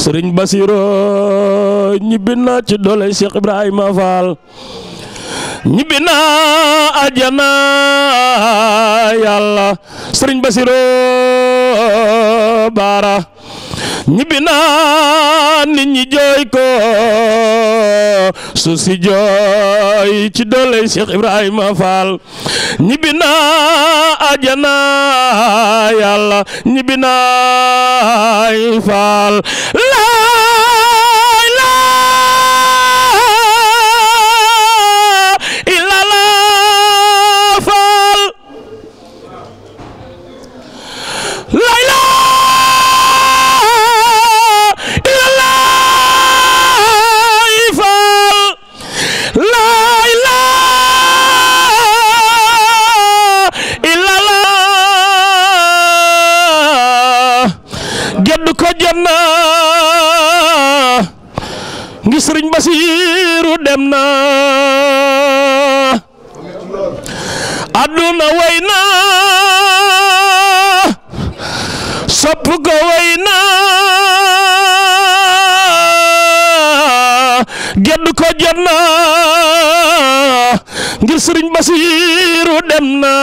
sëriñ Basiro ñibbi naa ci doole Cheikh Ibrahima Fall ñibbi naa ajana yàlla sëriñ Basiro Baara ñibbi naa nit jooy ko su jooy ci doole Cheikh Ibrahima Fall ñibbi naa ajana yàlla ñibbi naa faal. gedd ko jot na ngi sëriñ Basiiru dem na àdduna way na sopp ko way na ko jot na ngir sëriñ Basiiru dem na